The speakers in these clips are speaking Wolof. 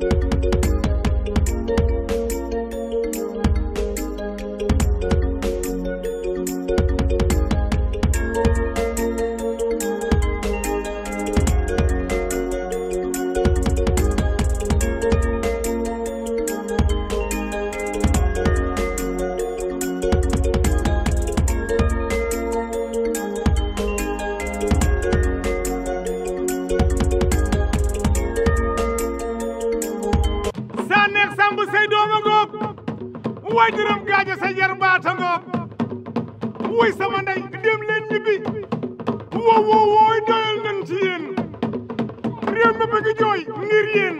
Thank you. say dooma ngoog way juróom gaaja say yarbaata ngoog way sama ndey ñibbi wow wow wooy doyal nañ ci yéen bëgg jooy ngir yéen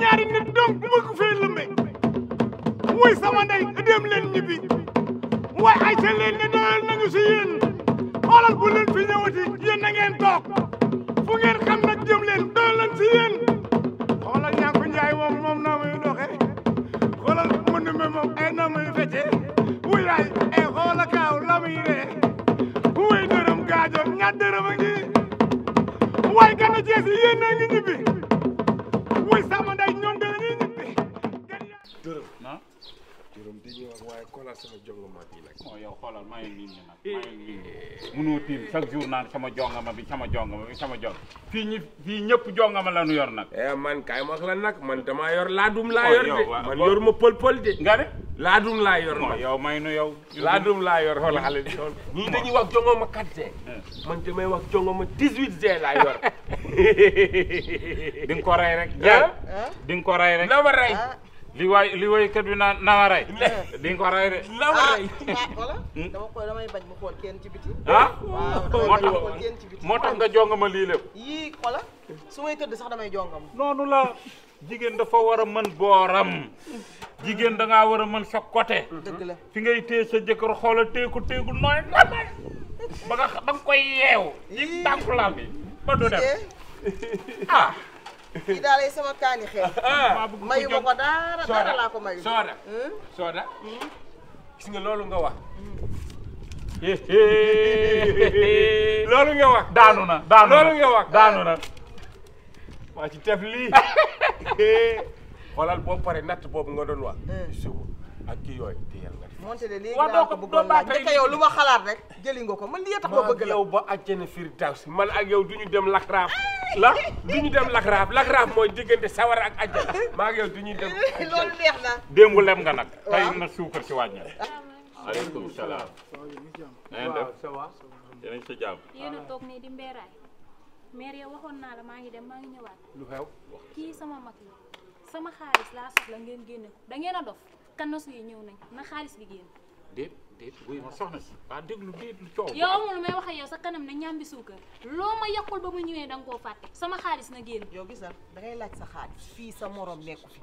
ñaari nit donc bëgg fee lëmbe way sama ndey ñibbi way ay ca leen ne doyal nañu si yéen fi ñëwati yéen na ngeen toog fu ngeen xam nag jëm leen doyal nañ e na muy fecce wuy xoola kaaw la muy ree dërëm gaajo ñaar dërëm a ngi way gana jeesi yéen a ngi ñibbi ma sama jongoma bi nag. non yow xoolal maa ngi nii nag maa ngi nii munoo tiim chaque jour naan sama jongama bi sama jongama bi sama jong fii ñi fii ñëpp la nu yor nag. Eh, man kaay ma wax la nag man damaa yor laadum laa yor de ma pël pël de. nga ne laadum laa yor ma yow may nu yow. laadum laa yor xool xale bi xool. ñii dañuy wax jongoma 4G. Eh. man di nga ko rey ah? di nga ko rey na ma rey. Ah. li waay li waay kër bi naan naa rey. Eh. di nga ko rey de. naa ah, ma rey dama koy damay bañ mu xool kenn ci biti. ah moo tax moo tax nga jongama lii lépp. yii xola su may tëdd sax damay jongama. noonu la jigéen dafa war a mën booram. jigéen danga war a mën sa côté. dëgg la fi ngay téye sa jëkkër xoola teeku teeku nooy nooy. ba nga da nga koy yeew. yii tànku laal ba du dem kii daa lay sama kaani xeex. Ah, mayu ma ko dara dara laa ko mayu. sooda hmm? sooda hmm? gis nga loolu nga wax. loolu nga wax. daanu na daanu na loolu nga wax daanu na. maa ci tef lii. xoolal boo pare natt boobu nga doon wax. Hmm. ak kii yooyu nga monte de léegi ko yow xalaat rek jëli nga ko man lii tax ma bëgg la yow ba àjjana man ak yow dem lakraaf la du dem lakraaf lakraaf mooy diggante sawar ak àjjana maa ak yow dem loolu neex na lem nga nag tey na suukar ci wàññi aleykum salaam na ngeen def yéen sa jàmm yéen a toog di yow ya la ngi dem maa ngi ñëwaat lu xew sama mak. sama xaalis laa soxla ngeen génne da ngeen a dof kanosu yi ñëw nañ na xaalis bi génn déet déet buy ma soxna si waa déglu déet lu coow. yow amul may wax ak sa kanam ne ñàmbi suukar loo ma yàqul ba mu ñëwee da koo fàtte sama xaalis na génn. yow gisal da laaj sa xaalis fii sa morom nekku fi.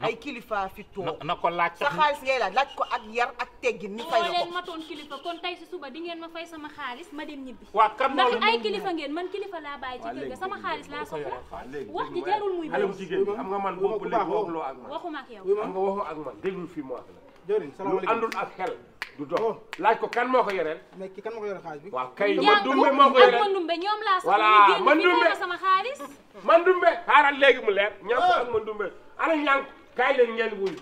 ay kilifa fi toog na ko laaj sa xaalis ngay laaj laaj ko ak yar ak teggin ni fay la ko leen ma toon kilifa kon tey si ma fay sama xaalis ma dem ñibbi. waaw kan ndax ay kilifa ngeen man kilifa laa bàyyi ci kër ga sama xaalis laa soxla wax ji jarul muy bëri jigéen xam nga man boobu léegi waxuloo ak man waxuma ak yow xam nga waxoo ak man déglu fi mu wax la jëriñ salaamaaleykum lu àndul ak du dox laaj ko kan moo ko yoreel. mais ki kan moo ko yoreel xaalis bi. waaw kay Mandumbe moo ko yoreel ak Mandumbe ñoom laa soxla. voilà Mandumbe sama xaalis. Mandumbe xaaral léegi mu leer. ñànku ak Mandumbe ana ñànku kaay leen ngeen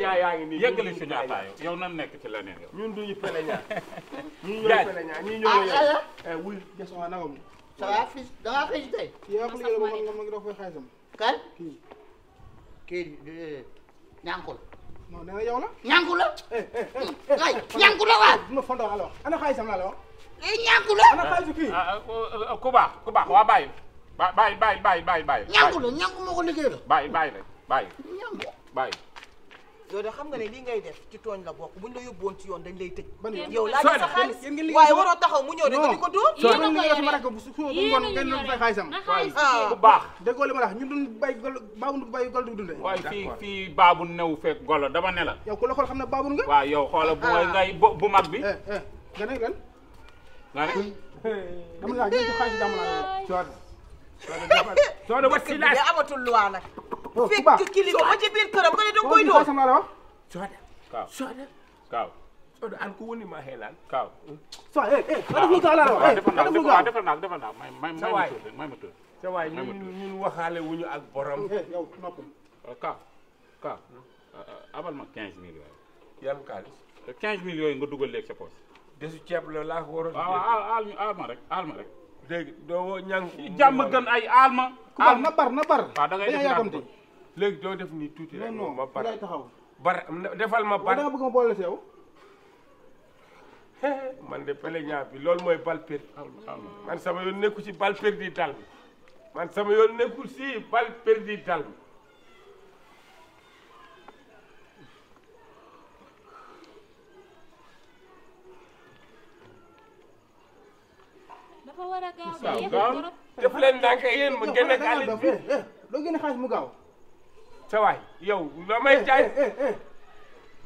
yaa ngi nii yëggali suñu ataaya yow nan nekk ci leneen yow. ñun duñu peleñaa. ñun ñoo peleñaa ñun ñoo yor. wuyu Jason waaw nangam. ça va fii da ngaa xëy si tey. yow ak non nee na yow la. ñànku la. Eh, eh, eh. ay ñànku la waaw. bu ma fondoo la wax ana xaalisam ah, la ah, la oh, oh, ku baax ku baax waa bàyyi. ba bàyyi bàyyi bàyyi bàyyi. ñànku la ñànku yow de xam nga ne lii ngay def ci tooñ la bokk buñ la yóbboon ci yoon dañ lay tëj. yow laaj sa xaalis waaye waroo taxaw mu ñëw de nga di ko dóor. yéen a ngi sama rakk bu su bu ngoon kenn du fay xaalisam. Ah. bu baax déggoo li ma la wax ñun duñ bay golo baabu bay golo du dundee. waaye fii fii baabu new fekk golo dama ne la. yow ku la xool xam ne baabu nga. waaw yow xoola bu ah. ngay bu mag bi. Eh, eh. nga ne lan. nga ne. dama ne la ñu ci xaalis dama la. coono coono ba si laaj amatul luwaa nag. fekk kilifa ci biir këram nga ne danga koy dóor sooda sooda kaw sooda an ko woni ma heelan kaw so eh eh ada lu taala nak defal nak defal nak may may may may ma tuur sa waay ñun ñun waxaale wuñu ak borom yow nopp kaw kaw abal ma 15 000 yooyu yan kaalis 15 desu ceeb la laa ko waroon waaw aal ma rek aal ma rek dégg doo aal ma aal na bar na bar waaw léegi doo def nii tuuti rek. non non lay taxaw bar defal ma bar. waaw bëgg ma man de peleñaa bi loolu mooy bal perdu. man sama yoon nekku ci bal perdu dal bi man sama yoon nekkul si bal perdu dal a def leen ndànk yéen ma génne xaalis bi doo génne xaalis mu gaaw. sa yow loo may jaay. Eh, eh, eh,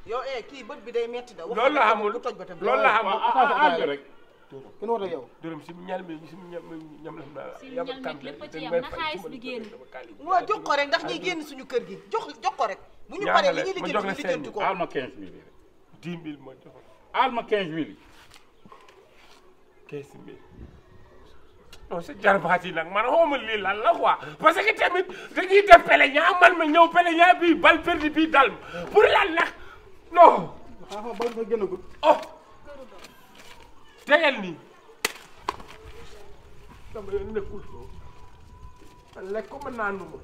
yow eh kii bët bi day metti da. loolu la xamul loolu la xamul waaw rek. ki nu yow. dërëm si ñaar mi si ñam ñam la xam naa. lépp ci yam na xaalis bi jox rek ndax ñuy génn jox jox ko rek. ko. aal ma 15000 rek. 10000 ma jox ko. aal ma 15000. non sa jarbaat yi nag man xawma lii lan la quoi parce que tamit dañuy def peleñaa man ma ñëw peleñaa bii bal perdu bi dal pour lan la non. ah bal nga gën a oh tegal nii. sama yoon nekkul man lekk ko ma naanu ma.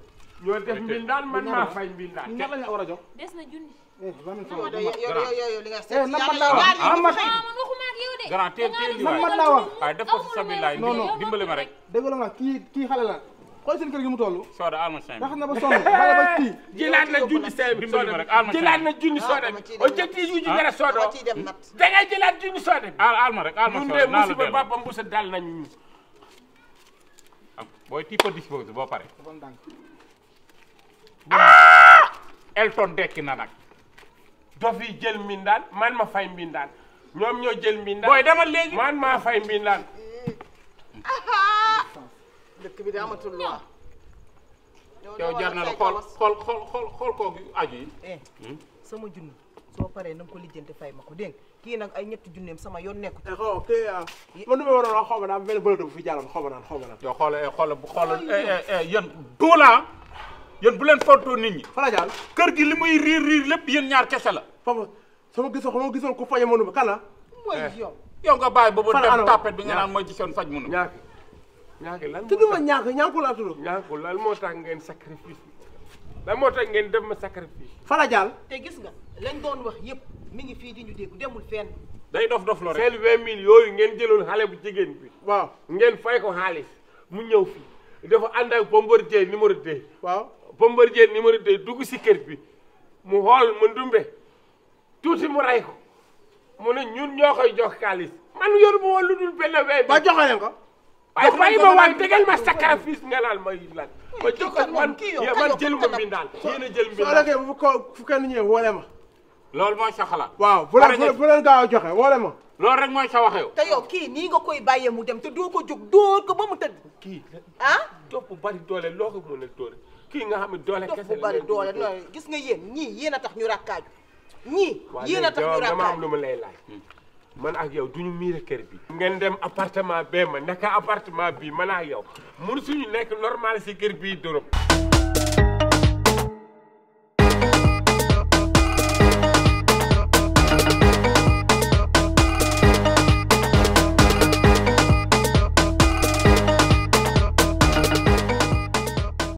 ñoo def mbindaan man maa fay mbindaan. ña la ñu jox. des na junni. eh vingt mille francs yow yow yow li nga seet. eh na man laa wax ah grand teel teel man mat naa wax waaye def ko si sabilaay non dimbali ma rek dëgg la nga kii kii xale la xool seen kër gi mu toll sooda alma cinq rax na ba sonn xale ba kii jëlaat na junni cinq dimbali ma rek alma cinq na junni ah, sooda bi objectif oh, ah. ah! Elton dekki na nag dof yi jël mbindaan man ma fay mbindaan ñoom ñoo jël mbindaan booy demal léegi man maa fay mbindaan. dëkk bi de amatul yow jar na la xool xool xool xool xool kooku aju yi. Eh, sama junni soo paree na ko lijjanti fay ma ko dégg kii nag ay ñetti junneem sama yoon nekku te eh, ah, xaw ma waroon xaw ma naan benn bële bu naan xaw ma naan. yow xoolal xoolal bu xoolal yéen bu leen kër gi li muy riir riir lépp yéen ñaar kese la. sama gisoon ko ma gisoon ko faje monu kala moy eh. yow yow nga bay bobu dem tapet bi nga nan moy gisoon faj monu ñaak ñaak lan tudduma ñaak ñaaku la tudu ñaaku lan mo tax ngeen sacrifice lan mo tax ngeen dem ma sacrifice fala jaal te gis nga lañ doon wax yep mi ngi fi di ñu dégg demul fenn day dof dof lo rek sel 20000 yoyu ngeen jëlul xalé bu jigen bi waaw ngeen fay ko xaliss mu ñew fi dafa and ak bombardier numéro 2 waaw bombardier numéro 2 dugg ci kër bi mu hol mu ndumbe tuuti mu rey ko mu ne ñun ñoo koy jox xaalis man yor bu ma lu dul benn wey. ba joxe leen ko. waaye fay ma waay déggal ma sacrifice nga naan ma lan. ma jokkoo man kii yow man jël ma mbindaan. yéen a jël mbindaan soo bu ko fu kenn ñëwee woole ma. loolu mooy sa xalaat. waaw bu leen bu leen gaaw a joxe woole ma. loolu rek mooy sa wax yow. te yow kii nii nga koy bàyyee mu dem te doo ko jóg dóor ko ba mu tëdd. kii ah. topp bari doole loo ko mën a dóore kii nga xam ne doole kese la. topp bari doole gis nga yéen ñii yéen a tax ñu rakkaaju ñii yéen a tax ñu am lu ma lay laaj hmm. man ak yow duñu miir kër bi ngeen dem appartement bee ma naka appartement bii man ak yow mun suñu nekk normal si kër bii dërëm